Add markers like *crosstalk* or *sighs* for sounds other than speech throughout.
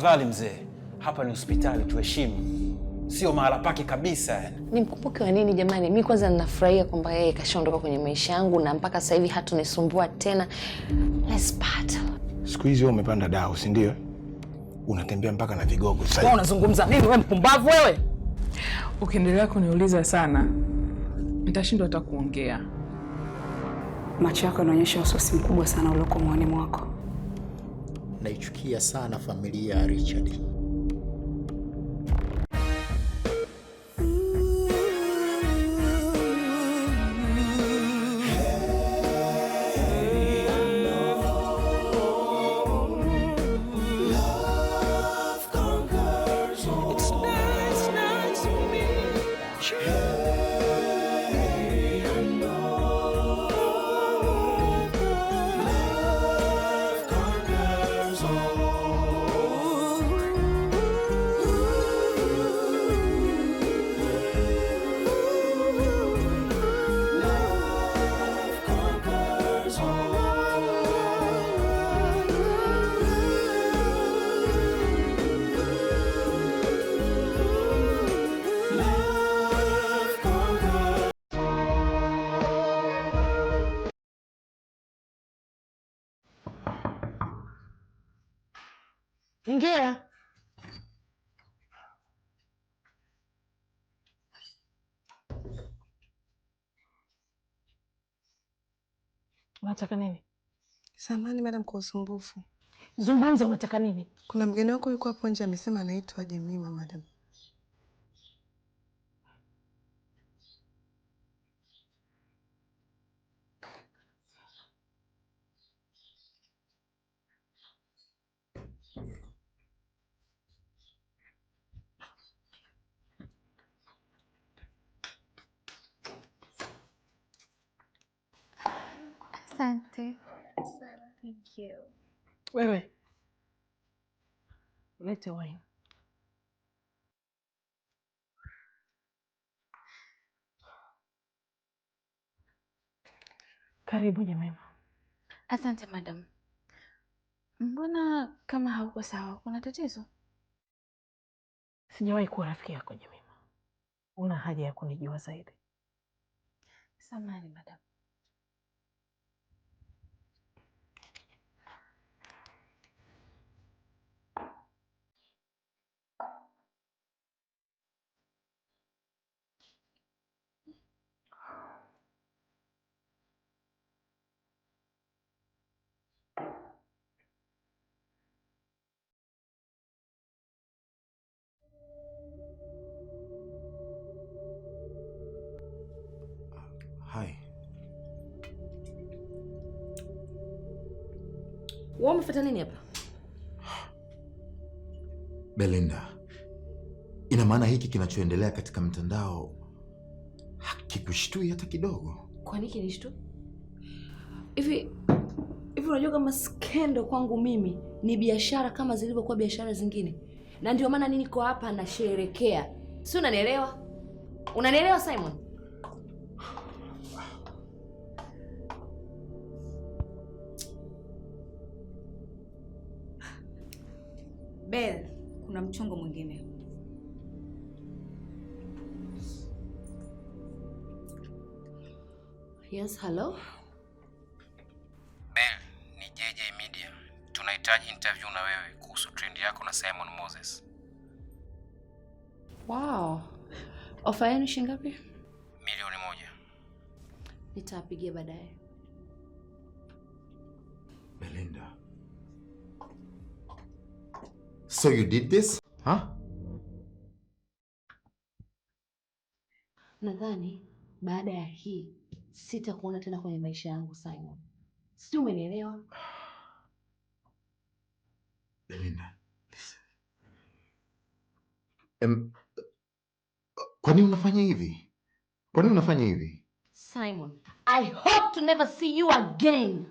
Tafadhali mzee, hapa ni hospitali, tuheshimu, sio mahala pake kabisa. ni mkumbuke wa nini jamani? Mi kwanza ninafurahia kwamba yeye kashaondoka kwenye maisha yangu na mpaka sasa hivi hatunisumbua tena. Siku hizi wewe umepanda dau, si ndio? Unatembea mpaka na vigogo sasa. unazungumza nini wewe, mpumbavu wewe? Ukiendelea kuniuliza sana nitashindwa hata kuongea. Macho yako yanaonyesha wasiwasi mkubwa sana ulioko moyoni mwako naichukia sana familia ya Richard. Ingia. Unataka nini? samani madam kwa usumbufu. Zungumza, unataka nini? Kuna mgeni wako yuko hapo nje amesema anaitwa Jemima madam. Asante. Thank you. Wewe ulete wine. Karibu Jemima. Asante madam. Mbona kama hauko sawa? Kuna tatizo? Sijawahi kuwa rafiki yako Jemima, una haja ya kunijua zaidi. Samahani madam. Wewe umefuata nini hapa? Belinda, ina maana hiki kinachoendelea katika mtandao hakikushtui hata kidogo? nini kinishtui? Hivi hivi, unajua kama skendo kwangu mimi ni biashara kama zilivyokuwa biashara zingine, na ndio maana niko hapa nasherekea, si unanielewa? Unanielewa Simon? Bel, kuna mchongo mwingine. Yes, hello. Bel, ni JJ Media. Tunahitaji interview na wewe kuhusu trend yako na Simon Moses. Wow. Ofa yenu shingapi? Milioni moja. Nitapigia baadaye. So you did this? Huh? Nadhani baada ya hii sitakuona tena kwenye maisha yangu Simon. Si umenielewa? Belinda, Em, kwa nini unafanya hivi? Kwa nini unafanya hivi? Simon, I hope to never see you again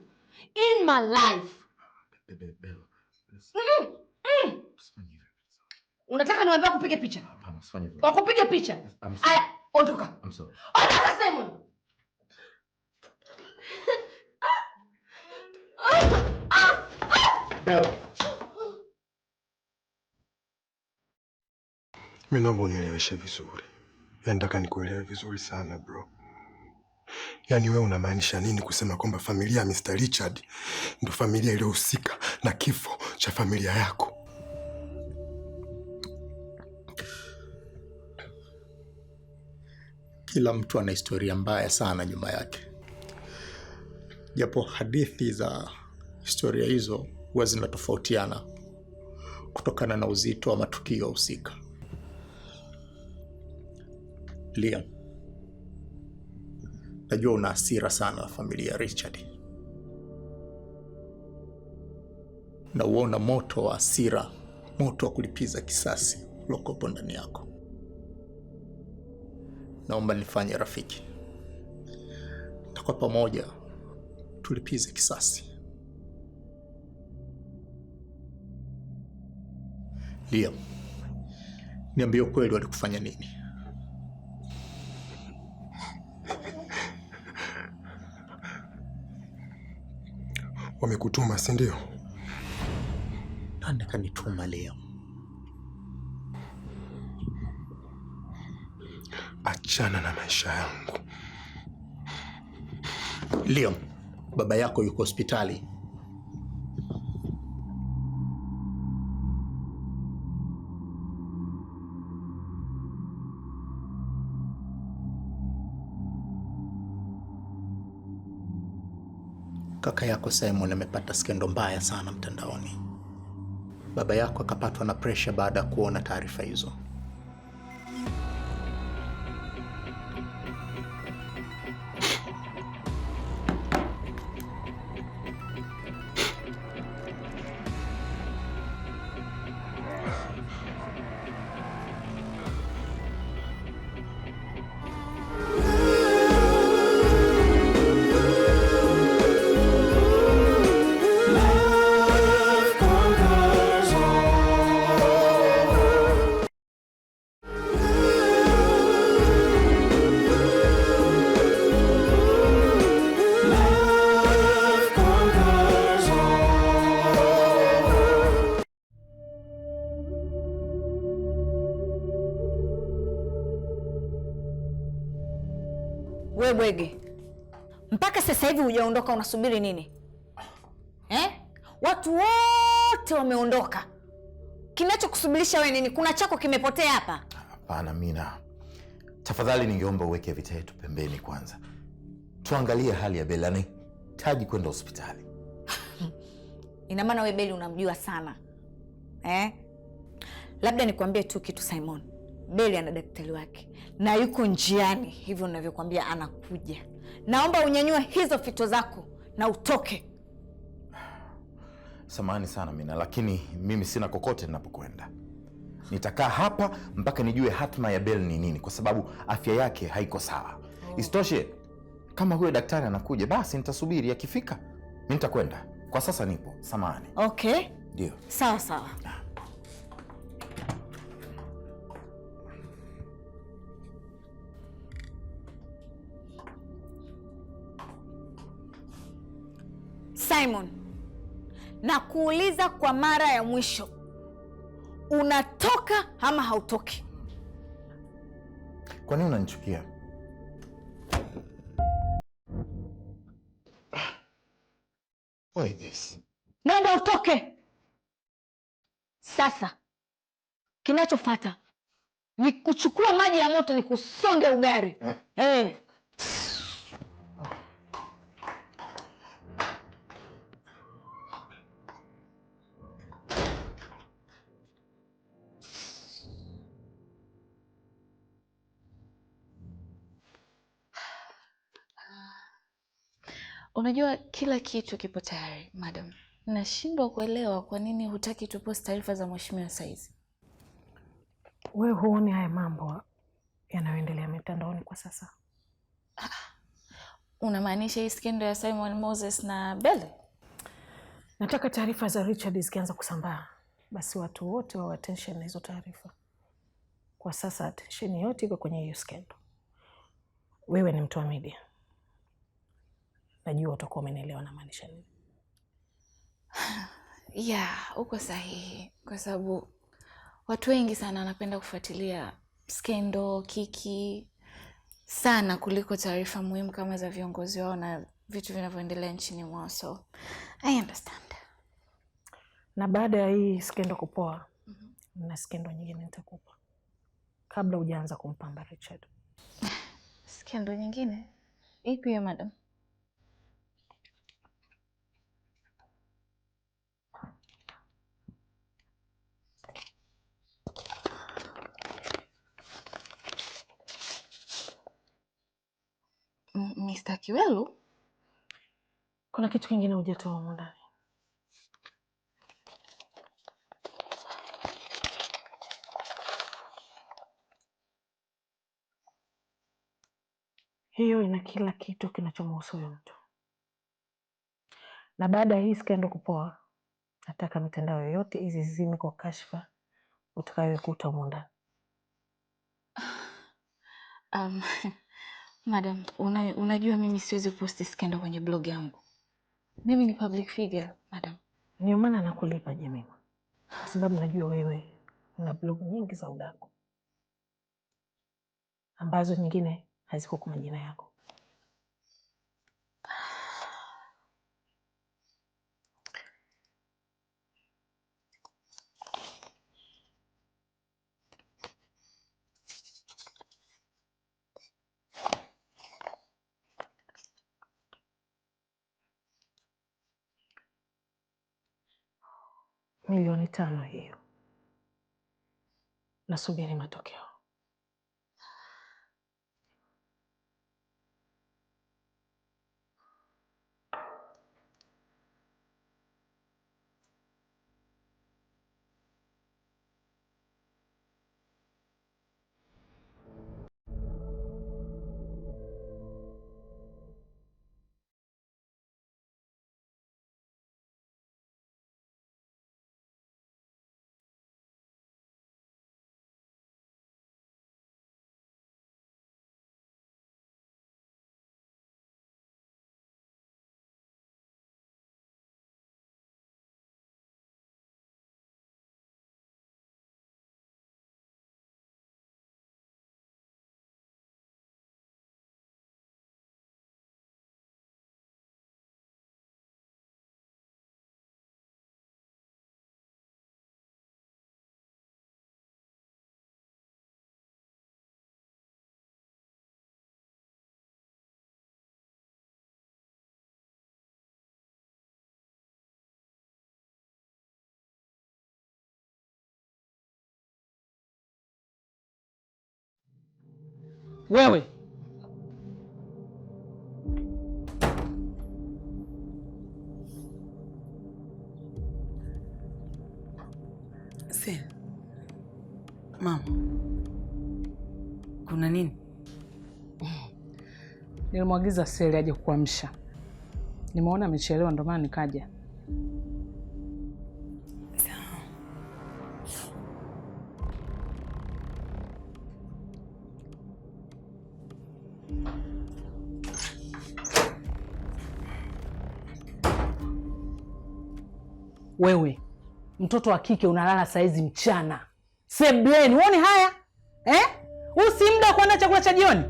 in my life. Be, be, be, be, be. Mm, mm. Unataka niwaambie kupiga picha? Hapana, usifanye hivyo. Wakupiga picha. Aya, ondoka. I'm sorry. Ondoka Simon. Mimi naomba unieleweshe vizuri. Yaani nataka nikuelewe vizuri sana bro. Yaani wewe unamaanisha nini kusema kwamba familia ya Mr. Richard ndio familia iliyohusika na kifo cha familia yako? Kila mtu ana historia mbaya sana nyuma yake, japo hadithi za historia hizo huwa zinatofautiana kutokana na uzito wa matukio husika. Liam, najua una hasira sana na familia ya Richard, na uona moto wa hasira, moto wa kulipiza kisasi uliokopo ndani yako naomba nilifanye rafiki, Tutakuwa pamoja tulipize kisasi. Liam, niambie ukweli, walikufanya nini? Wamekutuma, si ndio? Nani kanituma Liam? achana na maisha yangu. Leon, baba yako yuko hospitali. Kaka yako Simon amepata skendo mbaya sana mtandaoni. Baba yako akapatwa na presha baada ya kuona taarifa hizo. We Bwege, mpaka sasa hivi hujaondoka, unasubiri nini eh? Watu wote wameondoka, kinachokusubirisha wewe nini? Kuna chako kimepotea hapa? Hapana Mina, tafadhali ningeomba uweke vita yetu pembeni kwanza, tuangalie hali ya Beli. Anahitaji kwenda hospitali. *laughs* Ina maana we Beli unamjua sana eh? Labda nikwambie tu kitu Simon, Beli ana daktari wake na yuko njiani, hivyo navyokwambia anakuja. Naomba unyanyue hizo fito zako na utoke. Samahani sana Mina, lakini mimi sina kokote ninapokwenda. Nitakaa hapa mpaka nijue hatima ya Beli ni nini, kwa sababu afya yake haiko sawa. Oh. Isitoshe, kama huyo daktari anakuja, basi nitasubiri. Akifika mi nitakwenda. Kwa sasa nipo. Samahani. Okay, ndio sawa sawa. Ah. Simon, na kuuliza kwa mara ya mwisho, unatoka ama hautoki? Kwa nini unanichukia? Nenda utoke sasa. Kinachofata ni kuchukua maji ya moto, ni kusonge ugari eh. Hey. Eh. Unajua kila kitu kipo tayari madam. Nashindwa kuelewa kwa nini hutaki tupost taarifa za mheshimiwa saizi. wewe huoni haya mambo yanayoendelea mitandaoni kwa sasa? Ah, unamaanisha hii skendo ya Simon Moses na Bele? Nataka taarifa za Richard zikianza kusambaa, basi watu wote wawe attention na hizo taarifa. Kwa sasa attention yote iko kwenye hiyo skendo. Wewe ni mtu wa media najua utakuwa umenielewa namaanisha nini. *sighs* Yeah, uko sahihi, kwa sababu watu wengi sana wanapenda kufuatilia skendo, kiki sana kuliko taarifa muhimu kama za viongozi wao na vitu vinavyoendelea nchini mwao, so I understand. Na baada ya hii skendo kupoa, mm -hmm. na skendo nyingine nitakupa kabla hujaanza kumpamba Richard. *sighs* Skendo nyingine ipi hiyo, madam? Mr. Kiwelu, kuna kitu kingine hujatoa humu ndani. Hiyo ina kila kitu kinachomhusu huyo mtu, na baada ya hii skendo kupoa, nataka mitandao yoyote hizi zime kwa kashfa utakayoikuta humu ndani. *sighs* Um, Madam, una, unajua mimi siwezi kuposti skendo kwenye blog yangu. Mimi ni public figure, madam. Ndio maana nakulipa Jemima, kwa sababu najua wewe una blog nyingi za udaku ambazo nyingine kwa majina yako. mitano hiyo, nasubiri matokeo. wewe Mama, kuna nini? Nilimwagiza Seli aje kukuamsha, nimeona amechelewa, ndio maana nikaja. mtoto wa kike unalala saizi mchana sebleni, uone haya eh? Usi muda chakula cha jioni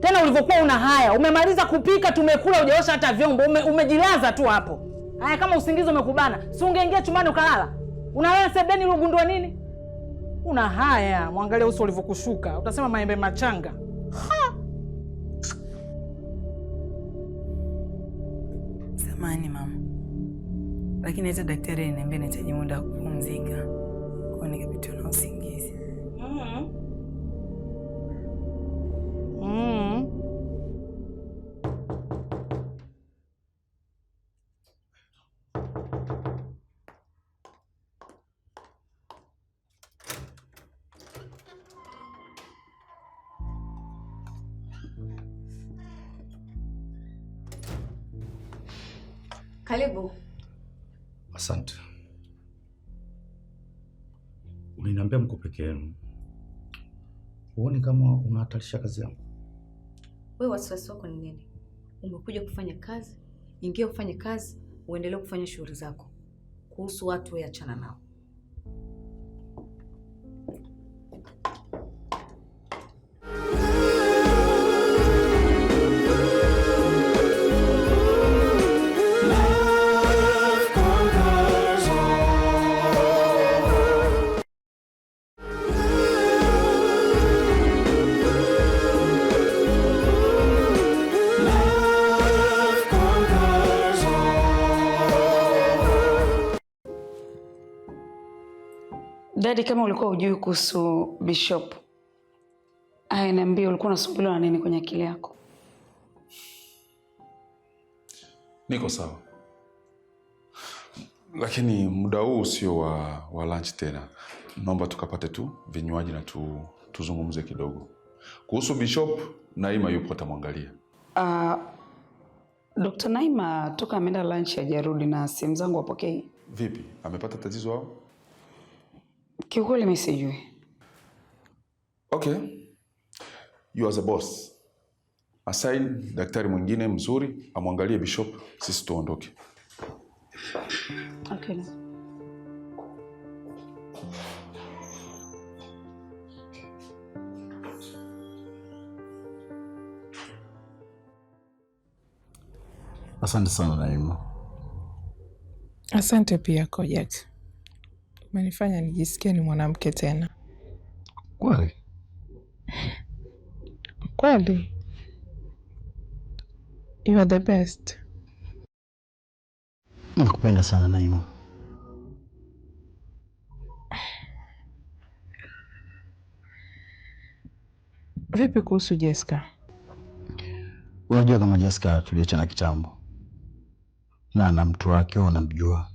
tena, ulivyokuwa una haya. Umemaliza kupika, tumekula, ujaosha hata vyombo, ume, umejilaza tu hapo. Haya, kama usingizi umekubana, si ungeingia chumani ukalala? Unalala sebleni, ulugundua nini? Una haya, mwangalia uso ulivyokushuka, utasema maembe machanga Samani mama, lakini hata daktari ananiambia nahitaji muda wa kupumzika kwa nikapitiwa na usingizi. mm mm Karibu. Asante. Mliniambia mko peke yenu, huoni kama unahatarisha kazi yangu? Wewe wasiwasi wako ni nini? Umekuja kufanya kazi, ingia ufanye kazi, uendelee kufanya shughuli zako. Kuhusu watu wewe achana nao. Dadi, kama ulikuwa ujui kuhusu Bishop, aya, niambie, ulikuwa unasumbuliwa na nini kwenye akili yako? Niko sawa, lakini muda huu sio wa, wa lunch tena. Naomba tukapate tu vinywaji na tu, tuzungumze kidogo kuhusu Bishop. Naima yupo, atamwangalia uh, ah, Dr. Naima toka ameenda lunch hajarudi, na simu zangu apokei. Vipi, amepata tatizo au Kiukweli mimi sijui. Okay. You as a boss. Assign daktari mwingine mzuri amwangalie Bishop, sisi tuondoke. Okay. Asante sana Naima. Asante pia Kojak. Umenifanya nijisikie ni mwanamke tena. Kweli? Kweli. You are the best. Nakupenda sana Naima. Vipi kuhusu Jessica? Unajua kama Jessica tuliachana kitambo na na mtu wake unamjua,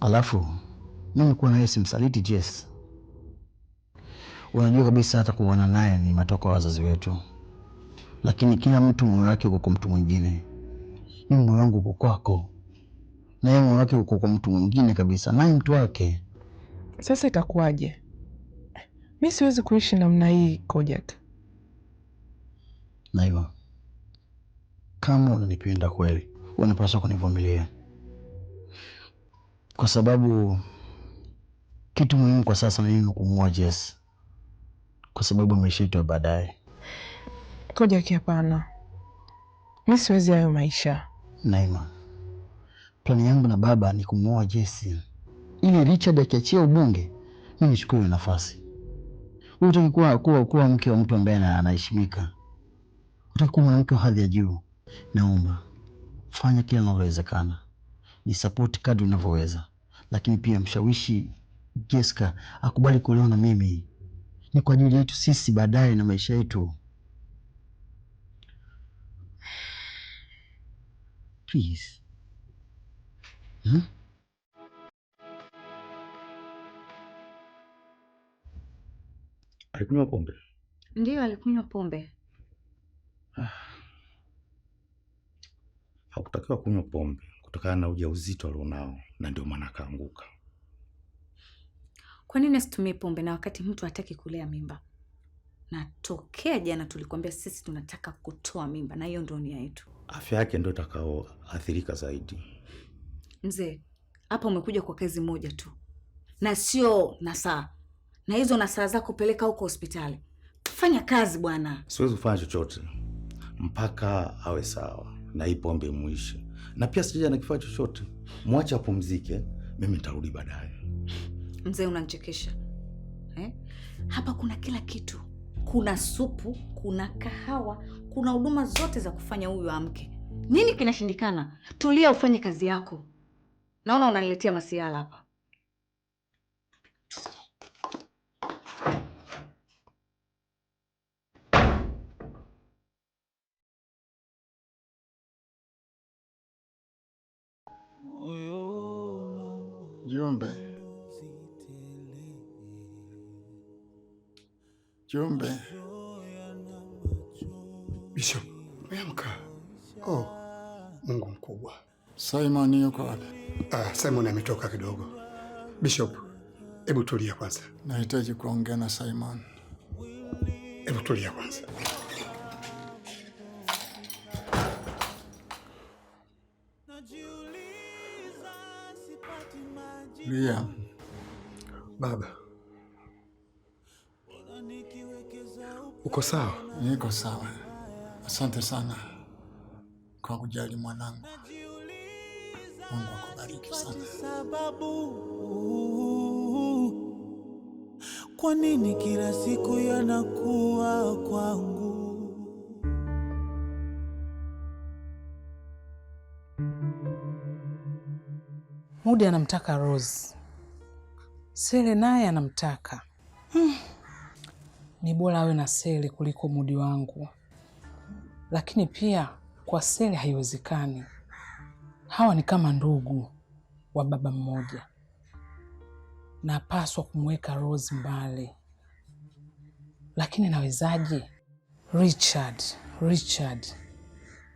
alafu mimi kuwa naye simsaliti Jess. Unajua kabisa hata kuona naye ni matoko ya wazazi wetu, lakini kila mtu moyo wake uko kwa mtu mwingine. Mimi moyo wangu uko kwako, na yeye moyo wake uko kwa mtu mwingine kabisa, naye mtu wake. Sasa itakuwaje? Mi siwezi kuishi namna hii Kojak. Naiva, kama unanipenda kweli, unapaswa kunivumilia kwa sababu kitu muhimu kwa sasa ni mimi Jesse, kwa sababu ameshaitwa baadaye. Kojaki, hapana, mi siwezi hayo maisha. Naima, plani yangu na baba ni kumuua Jesse ili Richard akiachia ubunge, mi nichukue nafasi. Utaki kuwa, kuwa, kuwa mke wa mtu ambaye anaheshimika, utakuwa mwanamke wa hadhi ya juu. Naomba fanya kila linalowezekana, support kadri unavyoweza, lakini pia mshawishi Jessica akubali kuolewa na mimi, ni kwa ajili yetu sisi baadaye na maisha yetu. Please. Hmm? Alikunywa pombe? Ndiyo, alikunywa pombe. Ah. Hakutakiwa kunywa pombe kutokana na ujauzito alionao, na ndio maana akaanguka. Kwa nini asitumie pombe na wakati mtu hataki kulea mimba? natokea jana tulikwambia sisi tunataka kutoa mimba, na hiyo ndio nia yetu. Afya yake ndio itakaoathirika zaidi. Mzee, hapa umekuja kwa kazi moja tu, na sio nasaa, na hizo nasaa zako peleka huko hospitali. Fanya kazi bwana. Siwezi kufanya chochote mpaka awe sawa na hii pombe mwishe, na pia sijaja na kifaa chochote. Mwache apumzike, mimi nitarudi baadaye. Mzee unanichekesha eh? Hapa kuna kila kitu, kuna supu, kuna kahawa, kuna huduma zote za kufanya huyu amke. Nini kinashindikana? Tulia ufanye kazi yako. Naona unaniletea masiala hapa. Jumbe. Jumbe Bishop, umeamka? Oh, Mungu mkubwa. Simon yuko wapi? Ah, Simon ametoka kidogo. Bishop, hebu tulia kwanza, nahitaji kuongea na Simon. Hebu tulia kwanza. Liam. Baba, Uko sawa? Niko sawa. Asante sana kwa kujali mwanangu. Mungu akubariki sana. Kwa nini kila siku yanakuwa kwangu? Mudi anamtaka Rose, Sele naye anamtaka ni bora awe na Sele kuliko Mudi wangu, lakini pia kwa Sele haiwezekani. Hawa ni kama ndugu wa baba mmoja, napaswa kumweka Rose mbali, lakini nawezaje? Richard, Richard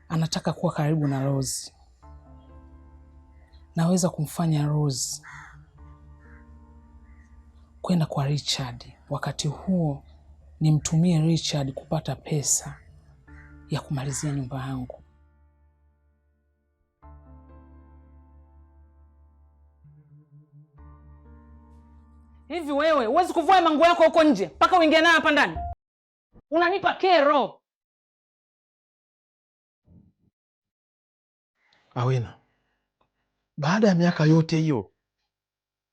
anataka kuwa karibu na Rose, naweza kumfanya Rose kwenda kwa Richard wakati huo nimtumie Richard kupata pesa ya kumalizia nyumba yangu. Hivi wewe huwezi kuvua manguo yako huko nje mpaka uingie nayo hapa ndani? Unanipa kero. Awena, baada ya miaka yote hiyo,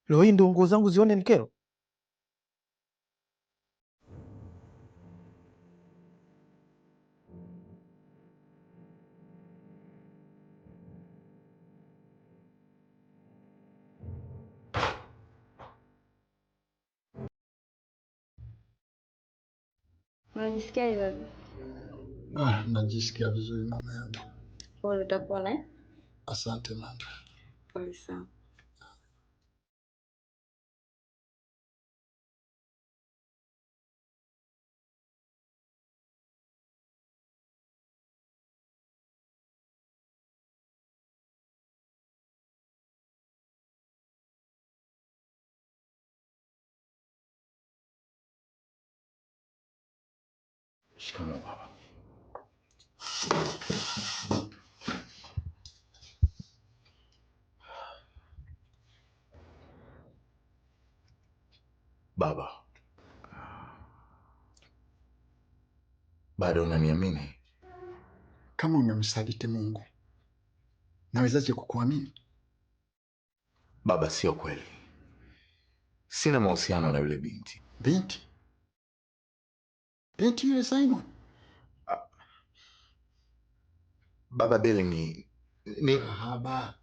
leo hii ndio nguo zangu zione ni kero? Unajisikia hivyo? Ah, najisikia vizuri mama yangu. Pole eh? Asante mama. Pole sana. shikamoo baba. bado unaniamini? Kama umemsaliti Mungu, nawezaje kukuamini baba? Sio kweli, sina mahusiano na yule binti. Binti? Ain't you the same one? Uh, ah. Baba Beli ni ni haba.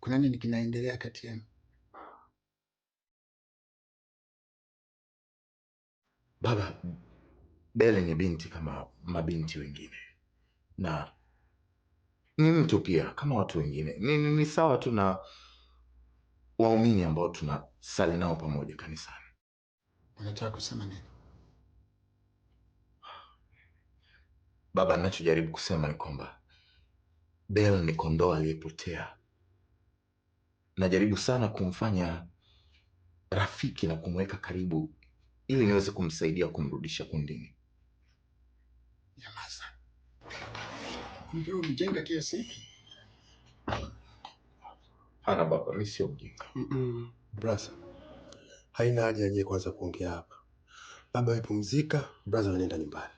Kuna nini kinaendelea kati yenu? Baba Beli ni binti kama mabinti wengine na ni mtu pia kama watu wengine, ni, ni, ni sawa tu na waumini ambao tunasali nao pamoja kanisani. Unataka kusema nini? Baba, ninachojaribu kusema ni kwamba Bel ni kondoo aliyepotea. Najaribu sana kumfanya rafiki na kumweka karibu ili niweze kumsaidia kumrudisha kundini. Nyamaza. Ndio mjenga kiasi hiki. Hapana baba, mimi sio mjinga. Brasa, haina haja yeye kwanza kuongea hapa. Baba wewe brasa anaenda nyumbani.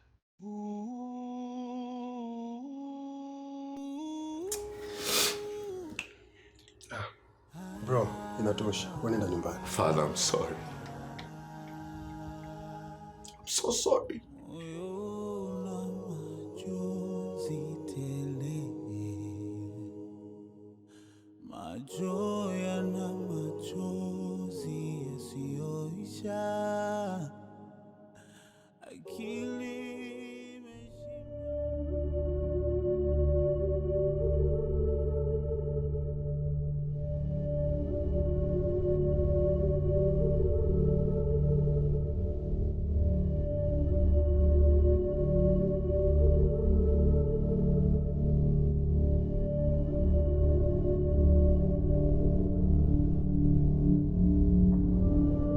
Ah, bro, inatosha. Wanaenda nyumbani. Father, I'm sorry. I'm so sorry. macho yana machozi yasiyoisha.